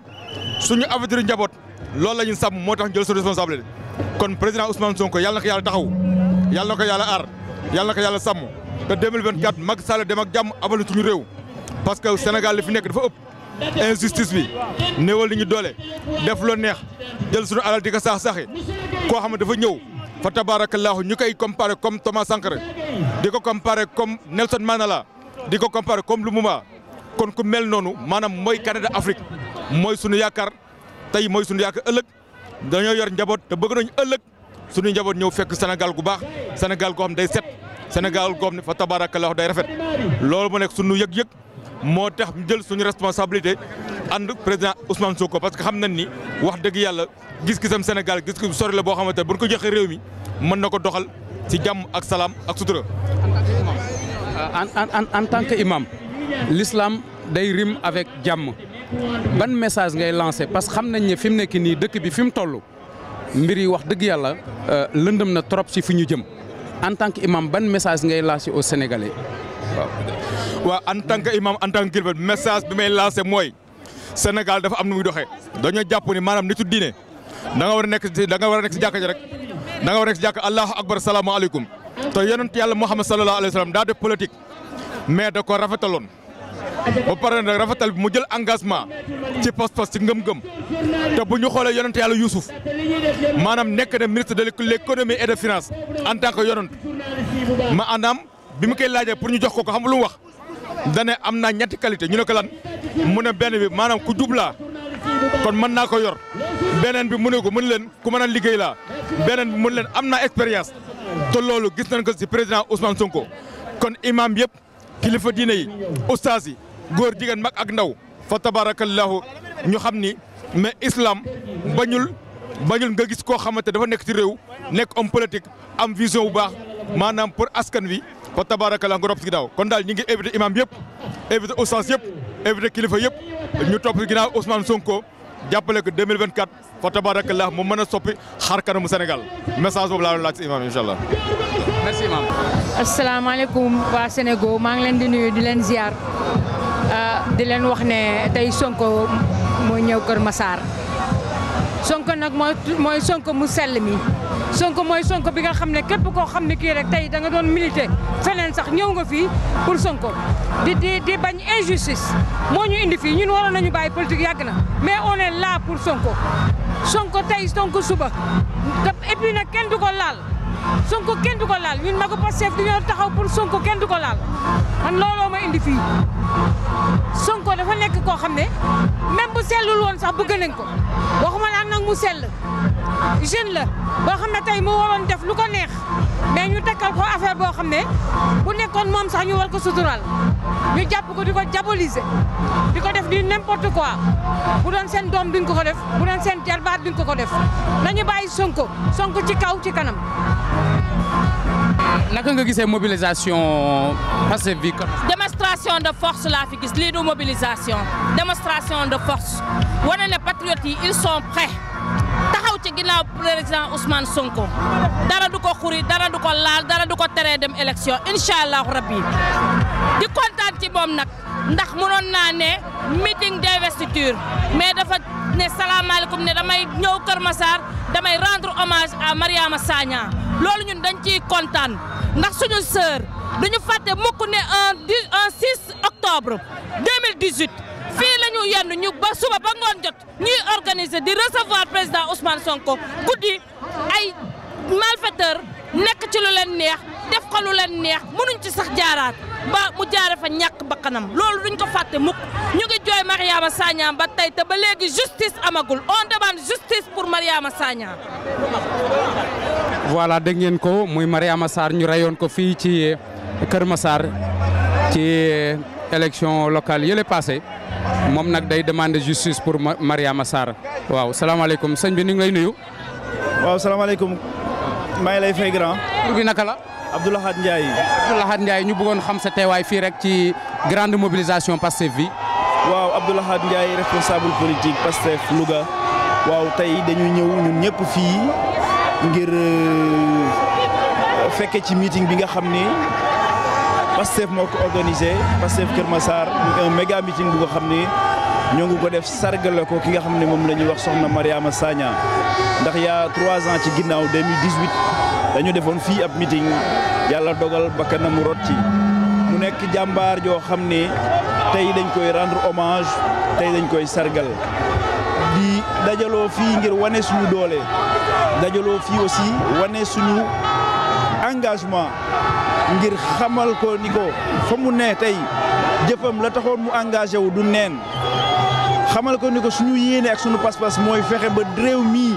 suñu avenir njaboot loolu la ñuy sàmm moo tax ñu jël suñu de kon président Ousmane Sonko yàlla na ko yàlla taxaw yàlla na ko yàlla aar yàlla na ko yàlla sàmm te 2024 Macky Sall dem ak jàmm abal suñu réew parce que Sénégal li fi nekk dafa ëpp. injustice bi néewal li ñu doole def loo neex jël suñu alal di ko saax saaxi koo xam ne dafa ñëw. fa tabaarakallaahu ñu koy comparé comme Thomas Sankara di ko comparé comme Nelson Mandela di ko comparé comme Lumumba kon ku mel noonu maanaam mooy Canada Afrique mooy sunu yaakaar tey mooy sunu yaakaar ëllëg dañoo yor njaboot te bëgg nañu ëllëg sunu njaboot ñëw fekk Sénégal gu baax Sénégal goxam day set Sénégal goo xam ne fa tabaarakallaahu day rafet loolu mu nekk sunu yëg-yëg. moo tax ñu jël suñu responsabilité ànd président Ousmane Sonko parce que xam nañ ni wax dëgg yàlla gis-gisam Sénégal gis-gis bu sori la boo xamante ne bu ñu ko joxee réew mi mën na ko doxal ci jàmm ak salaam ak sutura. Euh, en tant que imam lislaam day rime avec jàmm ban message ngay lancé parce que xam nañ ne fi mu nekk nii dëkk bi fi mu toll mbir yi wax dëgg yàlla euh, lëndam na trop ci fi ñu jëm en tant que imam ban message ngay lancé aux Sénégalais waa en tant que imam en message bi may lancé mooy Sénégal dafa am nu muy doxee dañoo jàpp ni maanaam nitu diine da nga war a nekk si da nga war a nekk si jàkka ji rek da war a nekk si jàkka allahu akbar salaamaaleykum te yonent yàlla Muhammad sallallahu alayhi wa sallam daa def politique mais da ko rafetaloon ba pare na rafetal bi mu jël engagement ci pos pas ci ngëm-ngëm te bu ñu xoolee yonent yàlla Youssouf maanaam nekk na ministre de l'économie et de finance en tant que yonent ma anam bi mu koy laajee pour ñu jox ko ko xam lu wax. dane am na ñetti qualité ñu ne ko lan mu ne benn bi maanaam ku jublaa kon mën naa ko yor beneen bi mu ne ko mën leen ku mën a liggéey laa beneen bi mën leen am na expérience te loolu gis nañ ko si président Ousmane Sonko kon imaam yëpp kilifa diine yi ustaas yi góor jigéen mag ak ndaw fa tabarakallahu ñu xam ni mais islam bañul bañul nga gis koo xamante dafa nekk ci réew nekk om politique am vision bu baax maanaam pour askan wi fa tabaarakalla nga topp si ginnaaw kon daal ñu ngi éviter imam yëpp éviter oustaz yëpp éviter kilifa yëpp ñu topp si ginnaaw Ousmane Sonko jàppale ko 2024 fa tabaarakalla mu mën a soppi xar kanamu Sénégal message boobu laa doon laaj si imam incha allah. merci imam. asalaamaaleykum waa Sénégal maa ngi leen di nuyu di leen ziar ah, di leen wax ne tey Sonko moo ñëw Kër Massar. sonko nag mooy mooy sonko mu sell mi sonko mooy sonko bi nga xam ne képp koo xam ne kii rek tey da nga doon milité feneen sax ñëw nga fii pour sonko di di di bañ injustice moo ñu indi fii ñun waroon nañu bàyyi politique yàgg na mais on est là pour sonko sonko tey sonko suba et puis nag kenn du ko laal. Sonko kenn du ko laal ñun magu Pastef dañoo taxaw pour Sonko kenn du ko laal man looloo ma indi fii Sonko dafa nekk koo xam ne même bu sellul woon sax bëgg nañ ko waxuma la nag mu sell jeune la boo xam ne tey mu waroon def lu ko neex. mais ñu tekkal ko affaire boo xam ne bu nekkoon moom sax ñu war ko sutural ñu jàpp ko di ko diaboliser di ko def di n'importe quoi bu doon seen doom duñ ko ko def bu doon seen jarbaat duñ ko ko def nañu bàyyi Sonko Sonko ci kaw ci kanam. naka nga gisee mobilisation Pastef bi démonstration de force laa fi gis lii du mobilisation démonstration de force wane ne patriotes yi ils sont ci ginnaaw président Ousmane Sonko dara du ko xuri dara du ko laal dara du ko teree dem élection incha allah rabbi di kontaan ci moom nag ndax mënoon naa ne meeting d'investiture mais dafa ne salaamaaleykum ne damay ñëw Kër Massar damay rendre hommage à Mariama Sagna loolu ñun dañ ciy kontaan ndax suñu sœur duñu fàtte mukk ne un 6 octobre 2018 ñu yenn ñu ba suba ba ngoon jot ñuy organiser di recevoir président Ousmane Sonko guddi ay malfaiteur nekk ci lu leen neex def ko lu leen neex mënuñ ci sax jaaraat ba mu jaare fa ñàkk bakkanam loolu duñ ko fàtte mukk ñu ngi jooy Mariama Sagna ba tey te ba léegi justice amagul on demande justice pour Mariama Sagna voilà dégg ngeen ko muy Mariama Sarr ñu reyoon ko fii ci Kër Massar ci élection locale yële passé moom nag day demande justice pour Mariama Sarr waaw salaamaaleykum sëñ bi ni ngi lay nuyu. waaw salaamaaleykum maa ngi lay fay grand. tur bi naka la. Abdoulahad Ndiaye. Abdoulahad Ndiaye ñu buggoon xam sa teewaay fii rek ci grande mobilisation Pastef bi. waaw Abdoulahad Ndiaye responsable politique Pastef Louga waaw tey dañuy ñëw ñun ñëpp fii ngir euh, fekke ci meeting bi nga xam ni Pastef moo ko organisé Pastef Kër Massar un méga meeting bu nga xam ni ñoo ngi ko def sargale ko ki nga xam ne moom la ñuy wax soxna Mariama Sagna ndax yaa trois ans ci ginnaaw 2018 dañu defoon fii ab meeting yàlla dogal bakkanam rot ci mu nekk jàmbaar joo xam ne tey dañ koy rendre hommage tey dañ koy sargal di dajaloo fii ngir wane suñu doole dajaloo fii aussi wane suñu engagement ngir xamal ko ni ko fa mu ne tey jëfam la taxoon mu engagé wu du neen xamal ko ni ko suñu yéene ak suñu pas mooy fexe ba réew mii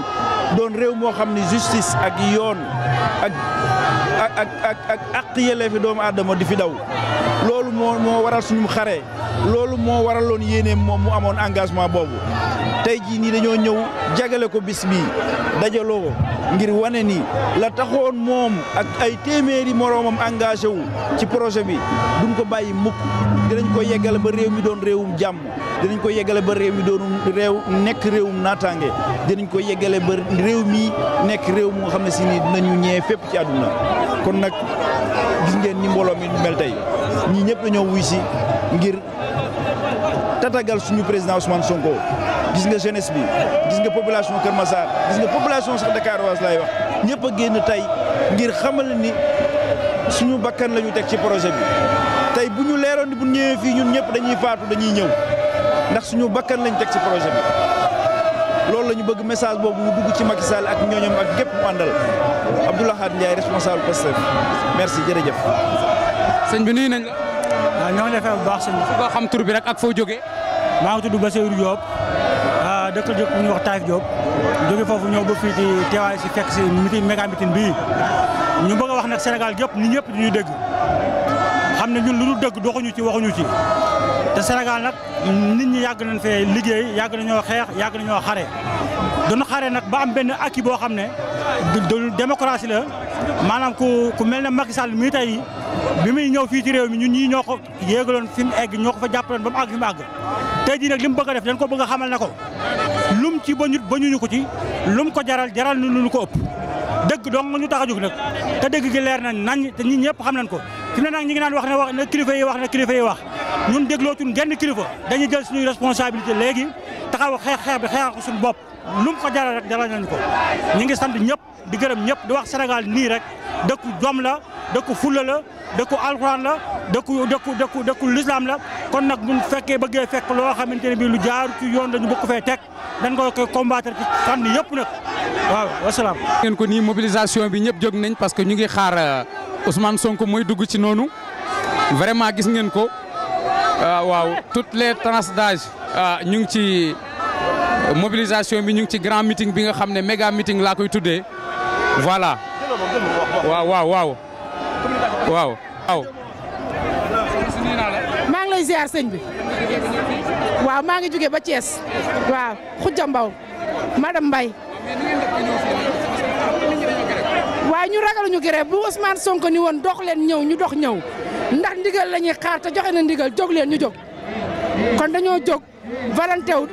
doon réew moo xam ni justice ak yoon ak ak ak ak ak àq yelleefi doomu aadama di fi daw loolu moo moo waral suñu xare loolu moo waraloon yéeneem moom mu amoon engagement boobu tey jii nii dañoo ñëw jagale ko bis bi dajaloo ngir wane nii la taxoon moom ak ay téeméeri moroomam engagé wu ci projet bi duñ ko bàyyi mukk dinañ ko yeggale ba réew mi doon réewum jàmm dinañ ko yeggale ba réew mi doon réew nekk réewum naataange dinañ ko yeggale ba réew mi nekk réew mu nga xam ne si nii dinañu ñee fépp ci àdduna kon nag gis ngeen ni mbooloo mi mel tey ñii ñëpp dañoo wuy si ngir tatagal suñu président Ousmane Sonko gis nga jeunesse bi gis nga population Kër Massar gis nga population sax Dakaroise laay wax ñëpp a génn tey ngir xamal ni suñu bakkan la ñu teg ci projet bi tey bu ñu leeroon ni bu ñëwee fii ñun ñëpp dañuy faatu dañuy ñëw ndax suñu bakkan lañ teg ci projet bi loolu la bëgg message boobu mu dugg ci Macky Sall ak ñooñam ak képp mu àndal Abdoulaye Khad Ndiaye responsable Pastef merci jërëjëf. sëñ bi nuyu nañ la. waaw ñoo ngi lay bu baax sëñ bi. bi rek ak foo jógee. maa ngi tudd Bassirou dëkk dëkk bu ñuy wax Taïf Diop jóge foofu ñëw ba fii ci teewaay si fekk si meeting méga meeting bii ñu bëgg wax nag Sénégal yëpp nit ñëpp di ñuy dégg xam ne ñun lu dul dëgg doxuñu ci waxuñu ci te Sénégal nag nit ñu yàgg nañ fee liggéey yàgg nañoo xeex yàgg nañoo xare duñu xare nag ba am benn acquis boo xam ne du démocratie la maanaam ku ku mel ne Macky Sall mii tey bi muy ñëw fii ci réew mi ñun ñii ñoo ko yéegaloon fi mu egg ñoo ko fa jàppaloon ba mu àgg fi mu àgg tey jii nag li mu bëgg a def dañ ko bëgg a xamal ne ko lum ci bañut ñu ko ci lum ko jaral jaral nu lu ko ëpp dëgg dong ñu taxaju a jóg te dëgg gi leer nañ nañ te ñun ñëpp xam nañ ko fi ne nag ñi ngi naan wax ne wax na kilifa yi wax na kilifa yi wax ñun déglootuñ genn kilifa dañuy jël suñuy responsabilité léegi taxaw xeex xeex bi xeexal ko suñu bopp lu mu ko jaral rek jaral nañu ko ñu ngi sant ñëpp di gërëm ñëpp di wax Sénégal nii rek dëkku jom la dëkku fulla la dëkku alxuraan la dëkku dëkku dëkku dëkku lislaam la kon nag bu fekkee bëggee fekk loo xamante ne bii lu jaar ci yoon dañu bëgg fee teg dañ koy koy combattre ci fànn nag waaw wasalaam. ngeen ko nii mobilisation bi ñëpp jog nañ parce que ñu ngi xaar euh, Ousmane Sonko mooy dugg ci noonu vraiment gis ngeen ko euh, waaw toutes les tranches d'âge euh, ñu ngi ci. mobilisation bi ñu ngi ci grand meeting bi nga xam ne méga meeting laa koy tuddee voilà waaw waaw waaw waaw maa ngi lay ziar bi waaw maa ngi jógee ba Thiès waaw Khoudia Mbaw madame Mbaye waaye ñu ragal ñu grève bu Ousmane Sonko ni woon dox leen ñëw ñu dox ñëw ndax ndigal la ñuy xaar te joxe na ndigal jóg leen ñu jóg kon dañoo jóg valantew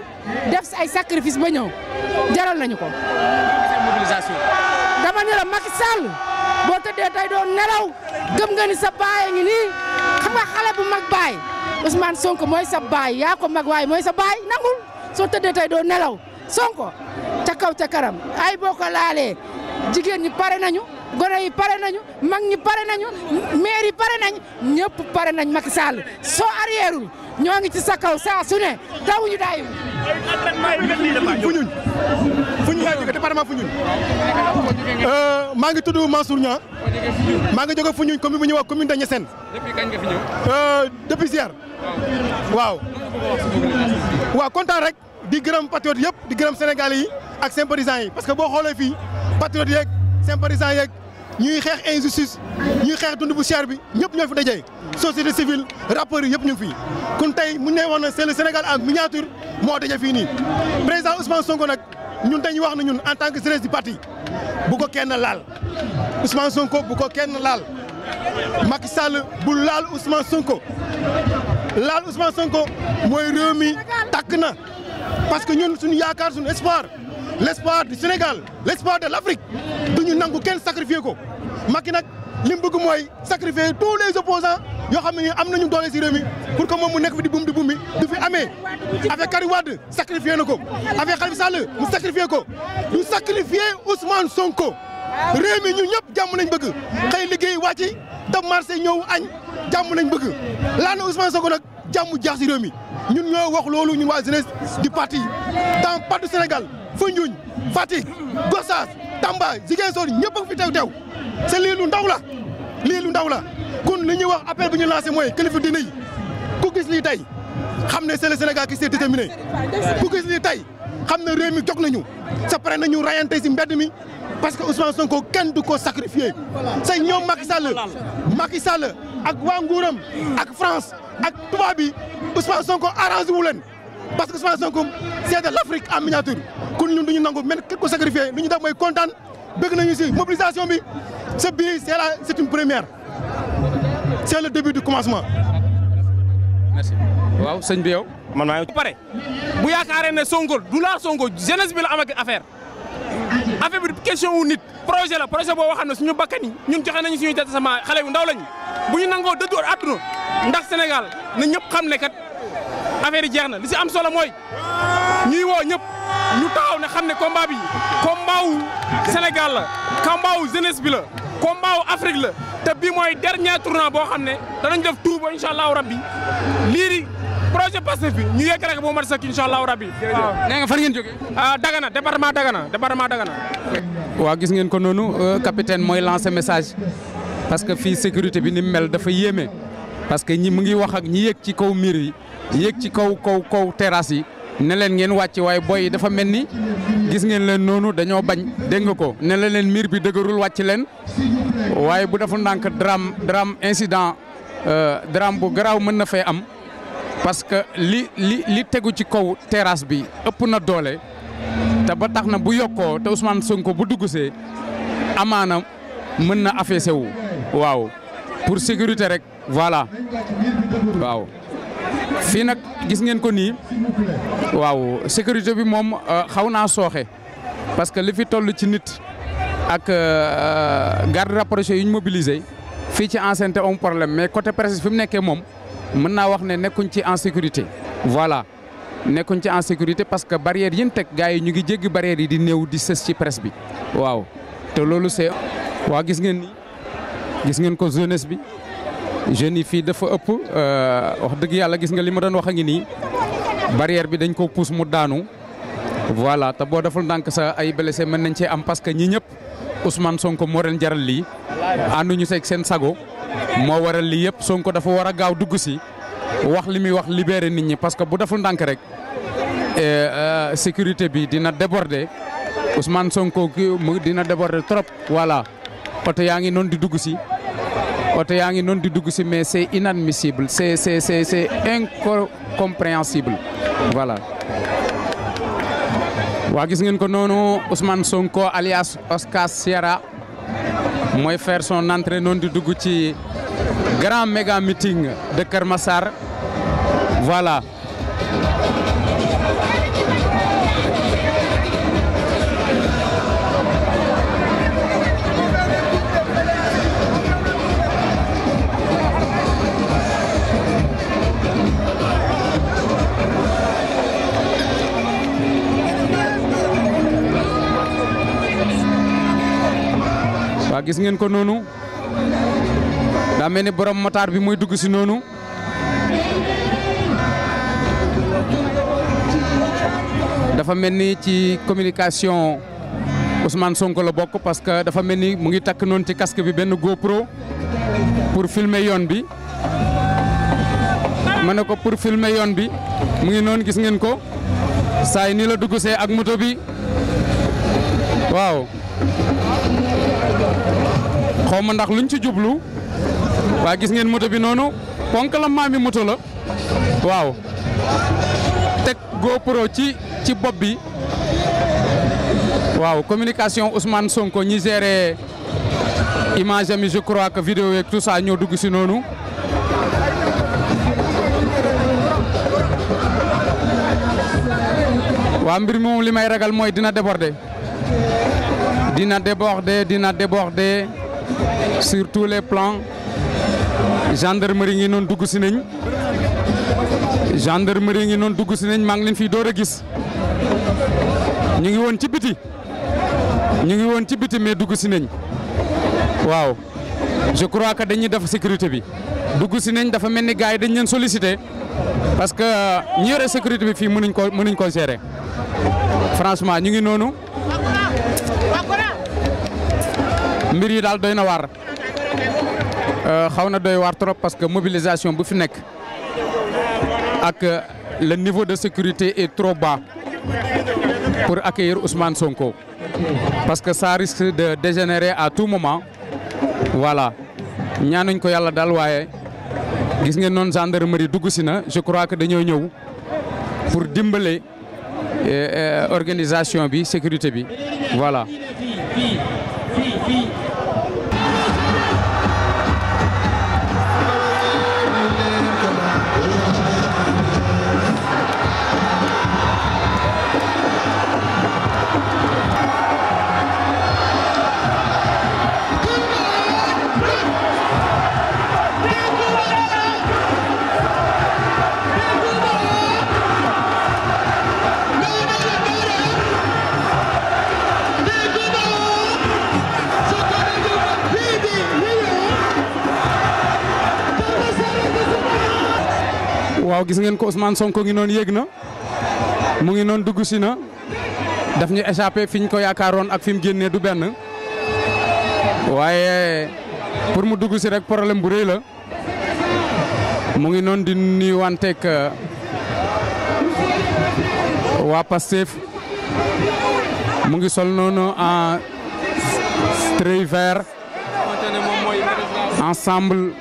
def si ay sacrifice ba ñëw jaral nañu ko. mobilisation. dama ne la Macky Sall boo tëddee tey doo nelaw gëm nga ni sa baay ngi nii xam nga mag baay Ousmane Sonko mooy sa baay ko mag waay mooy sa baay nangul soo tëddee tey doo nelaw Sonko ca kaw ca karam ay boo ko laalee jigéen ñi pare nañu. gone yi pare nañu mag ñi pare nañu maire yi pare nañ ñëpp pare nañ Macky Sall soo arrière ñoo ngi ci sa kaw saa su ne daw ñu daayu. fuñuñ fuñuñ laa jóge département fuñuñ. Euh, maa ngi tudd Mansour Niang. maa ngi jóge fuñuñ commune bu ñuy wax commune de Niassène. depuis kañ euh, waaw. waaw kontaan rek di gërëm patriote yëpp di gërëm Sénégal yi ak sympathisants yi parce que boo xoolee fii yeg yeeg sympathisants yeeg. ñuy xeex injustice ñuy xeex dund bu cher bi ñëpp ñoo fi dajee société civile rappeurs yi yëpp ñu ngi fii kon tey mu ne nee wax na c'est le Sénégal en miniature moo dajee fii nii président Ousmane Sonko nag ñun dañuy wax na ñun en tant que jeunesse du parti bu ko kenn laal Ousmane Sonko bu ko kenn laal Macky Sall bu laal Ousmane Sonko laal Ousmane Sonko mooy réew mi takk na parce que ñun suñu yaakaar suñu espoir l'espoir du Sénégal l'espoir de l'Afrique duñu nangu kenn sacrifier ko Macky nag li mu bëgg mooy sacrifier tous les opposants yoo xam ne ni am nañu doole si réew mi pour moom mu nekk fi di bum di bum mi du fi amee avec Karim Wade sacrifier na ko avec Khalifa Sall mu sacrifier ko du sacrifier Ousmane Sonko réew ñu ñun ñëpp nañ lañ bëgg xëy liggéey wàcc dem marché ñëw añ jàmm lañ bëgg laana Ousmane Sonko nag jàmm jaax si réew mi ñun ñoo wax loolu ñun waa jeunesse du parti dans parti Sénégal Foundiougne Fatick Tamba Ziguinchor ñëpp a fi teew teew c'est lii lu ndaw la lu ndaw la kon li ñuy wax appel bu ñu lancé mooy kilifa diine yi ku gis lii tey xam ne c'est Sénégal ki s'est déterminé ku gis lii tey xam ne réew mi jog nañu sa pare nañu rayante si mbedd mi parce que Ousmane Sonko kenn du ko sacrifié say ñoom Macky Sall Macky Sall ak waa nguuram ak France ak tubaab bi Ousmane Sonko arrangé wu leen parce que Ousmane Sonko c'est de l'Afrique en miniature kon ñun duñu nangu même ku sacrifié lu ñu def mooy kontaan bëgg nañu si mobilisation bi sa bii c'est la c'est une première c'est le début du commencement. merci waaw sëñ bi yow. man maa ngi pare bu yaakaaree ne Sonko du laa Sonko jeunesse bi la am ak affaire affaire bi question wu nit projet la projet boo xam ne suñu bakkan yi ñun joxe nañu suñu jota sama xale yu ndaw lañu bu ñu nangoo dëddu àdduna ndax Sénégal na ñëpp xam ne affaire yi jeex na li si am solo mooy ñuy woo ñëpp ñu taxaw ne xam ne combat bi combat wu Sénégal la combat wu jeunesse bi la combat wu la te bii mooy dernier tournant boo xam ne danañ def tout ba incha allahu rabbi lii di projet Pastef bi ñu yegg rek boo mat sëkk incha allahu rabbi. waaw nee nga fan ngeen jógee. Ah, Dagana département Dagana département Dagana. waaw gis ngeen ko noonu euh, capitaine mooy lancer message parce que fii sécurité bi ni mu mel dafa yéeme. parce que ñii mu ngi wax ak ñi yëg ci kaw miir yi yëg ci kaw kaw kaw terrasse yi ne leen ngeen wàcc waaye boy yi dafa mel ni gis ngeen leen noonu dañoo bañ dégg nga ko ne la leen miir bi dëgërul wàcc leen waaye bu dafa ndànk drame drame incident euh, drame bu garaaw mën na fee am parce que li li li tegu ci kaw terrasse bi ëpp na doole te ba tax na bu yokkoo te Ousmane Sonko bu duggsee amaana mën na affaissé wu waaw pour sécurité rek. voilà waaw fii nag gis ngeen ko nii waaw sécurité bi moom euh, xaw naa sooxe parce que li fi toll ci nit ak euh, euh, garde rapproché yu ñu mobilisé fii ci enceinte am problème mais côté presse fi mu nekkee moom mën naa wax ne nekkuñ ci en sécurité voilà nekkuñ ci en sécurité parce que barrière yi ñu teg gars yi ñu ngi jéggi barrière yi di néew di sës ci presse bi waaw te loolu waa gis ngeen nii gis ngeen ko jeunesse bi jeunes yi fii dafa ëpp euh, wax dëgg yàlla gis nga li ma doon wax a ngi nii barrière bi dañ ko pousse mu daanu voilà te boo deful ndànk sax ay blessé mën nañ cee am parce que ñi ñëpp Ousmane Sonko moo leen jaral lii ànduñu seeg seen sago moo waral lii yëpp Sonko dafa war a gaaw dugg si wax li muy wax libéré nit ñi parce que bu deful ndànk rek eh, euh, sécurité bi dina déborder Ousmane Sonko dina déborder trop voilà oto yaa ngi noonu di dugg si. oto yaa ngi noonu di dugg si mais c'est inadmissible c'est c'est c'est c'est incompréhensible voilà waa gis ngeen ko noonu Ousmane Sonko alias Oscar Sierra mooy faire son entrée noonu di dugg ci grand méga meeting de Kër voilà gis ngeen ko noonu daa mel ni borom motaar bi mooy dugg si noonu dafa mel ni ci communication Ousmane Sonko la bokk parce que dafa mel ni mu ngi takk noonu ci casque bi benn GoPro pour filme yoon bi ma ne ko pour filmer yoon bi mu ngi noonu gis ngeen ko saa yi la dugg see ak moto bi waaw. xaw ndax luñ ci jublu waa gis ngeen moto bi noonu ponk la maami moto la waaw teg GoPro ci ci bopp bi waaw communication Ousmane Sonko ñi géré image ami je crois que vidéo yeeg tout ñoo dugg si noonu waa mbir moom li may ragal mooy dina déborder dina déborder dina déborder surtout tous les plans gendarmerie ngi noonu dugg si nañ gendarmerie ngi noonu dugg si nañ maa ngi leen fii door a gis ñu ngi woon ci biti ñu ngi woon ci biti mais dugg si nañ waaw je crois que dañuy def sécurité bi dugg si nañ dafa mel ni gars yi dañ leen sollicité parce que euh, ñi yore sécurité bi fii mënuñ ko mënuñ ko gérer franchement ñu ngi noonu. mbir yi daal doy na waar euh, xaw na doy waar trop parce que mobilisation bu fi nekk ak euh, le niveau de sécurité et trop bas pour accueillir Ousmane Sonko parce que ça risque de dégénérer à tout moment voilà ñaanuñ ko yàlla daal waaye gis ngeen noonu gendarmerie dugg si na je crois que dañoo ñëw pour dimbale euh, organisation bi sécurité bi voilà. waaw gis ngeen ko Ousmane Sonko ngi noonu yéeg na mu ngi noon dugg si na daf ñu échappé fiñ ko yaakaaroon ak fi mu génnee du benn waaye pour mu dugg si rek problème bu rëy la mu ngi noon di wanteek uh, waa Pastef mu ngi sol noonu en très vert ensemble.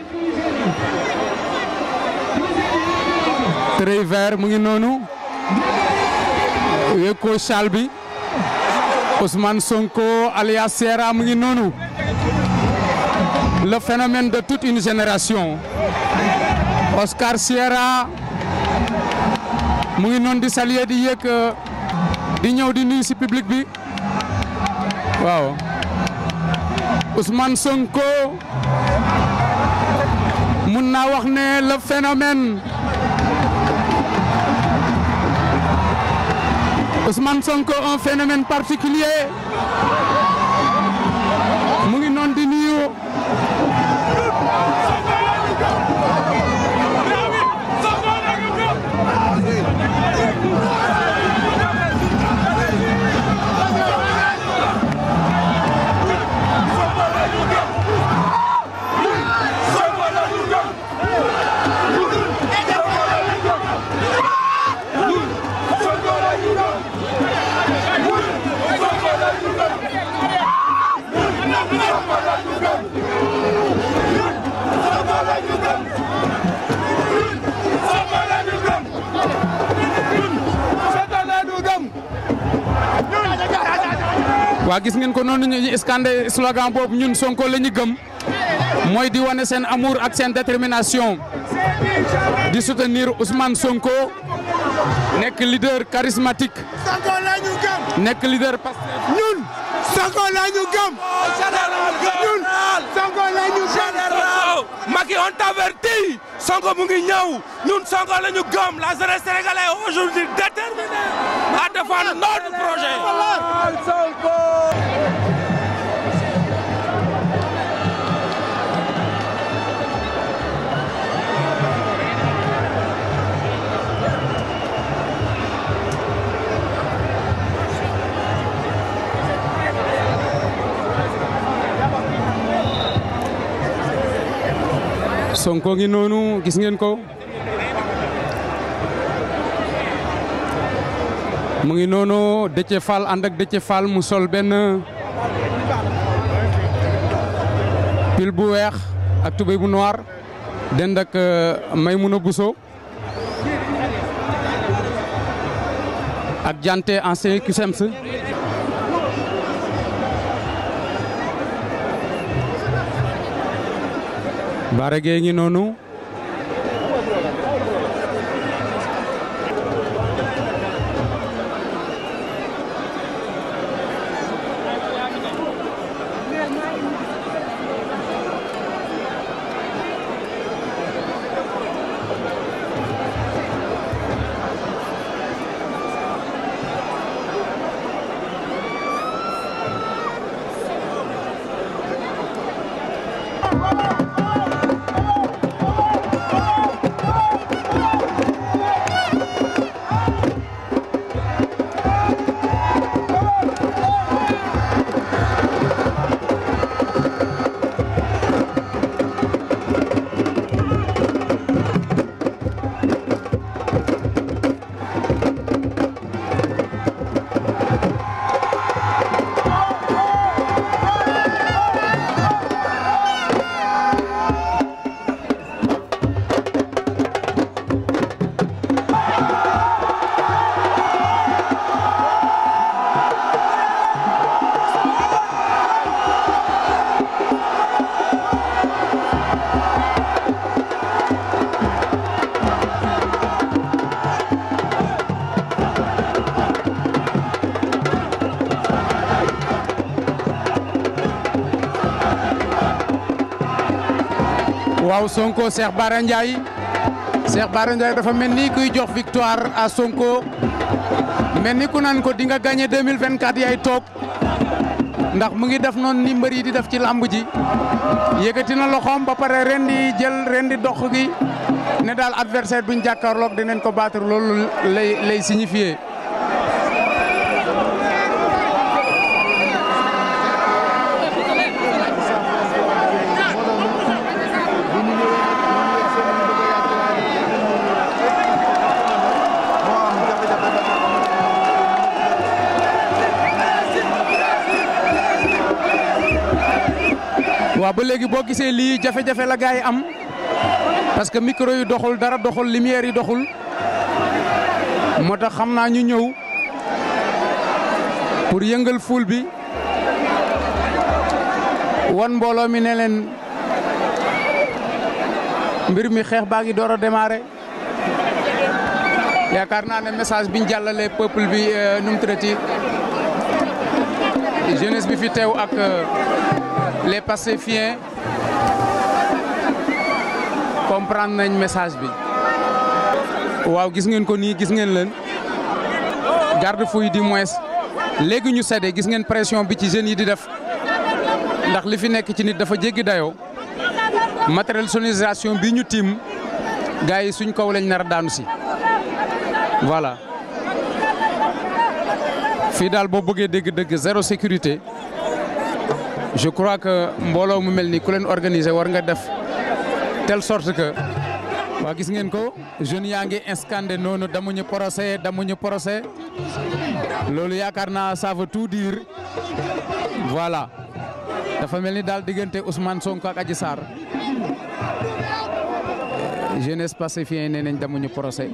Crey vert mu ngi noonu wékkoo saal bi Ousmane Sonko alias Sera mu ngi noonu le phénomène de toute une génération Oscar Sierra mu ngi noonu di saluer di yék di ñëw di nuyu ci public bi waaw Ousmane Sonko mun naa wax ne le phénomène. Ousmane Sonko un phénomène particulier waa gis ngeen ko noonu ñu scandé slogan boobu ñun Sonko la ñu gëm mooy di wane seen amour ak seen détermination di soutenir Ousmane Sonko nekk leader charismatique nekk leader Pastef ñun Sonko la ñu gëm ñun Macky on t'avertit Sonko mu ngi ñëw ñun Sonko la ñu gëm la jeunesse sénégalaise aujourd'hui déterminée à défendre notre projet. Sonko ngi noonu gis ngeen ko mu ngi noonu Déthié Fall ànd ak Déthié Fall mu sol benn pil bu weex ak tubéy bu noir dend ak euh, Maymouna Bousso ak jante ancien CUSEMS Bara Gueye ngi noonu aw Sonko Cheikh Bara Ndiaye Cheikh Bara Ndiaye dafa mel ni kuy jox victoire à Sonko mel ni ku naan ko di nga gagné 2024 yaay toog ndax mu ngi def noon ni mbër yi di def ci làmb ji yëkkati na loxoom ba pare ren di jël ren di dox gi ne daal adversaire buñ jàkkaarloog dinañ ko battre loolu lay lay signifié. waa ba léegi boo gisee lii jafe-jafe la gars yi am parce que micro yi doxul dara doxul lumière yi doxul moo tax xam naa ñu ñëw pour yëngal foule bi wan mbooloo mi ne leen mbir mi xeex baa ngi door a démarré yaakaar naa ne message biñ jàllale peuple bi euh, nu mu traité bi fi teew ak. Euh, les pacifiens comprendre nañ message bi waaw gis ngeen ko nii gis ngeen leen garde-fou yi di moins léegi ñu sedde gis ngeen pression bi ci jeunes yi di def ndax li fi nekk ci nit dafa jéggi dayoo matériel sonorisation bi ñu tiim gars yi suñ kow lañ nar a daanu si voilà fii daal boo bëggee dégg-dëgg zéro sécurité je crois que mbooloo mu mel ni ku leen organiser war nga def telle sorte que waa gis ngeen ko jeunes yaa ngi inscandé noonu damuñu procès damuñu procès loolu yaakaar naa ça veut tout dire voilà dafa mel ni daal diggante Ousmane Sonko ak Adji Sarr euh, jeunesse pacifienne nee nañ damuñu procès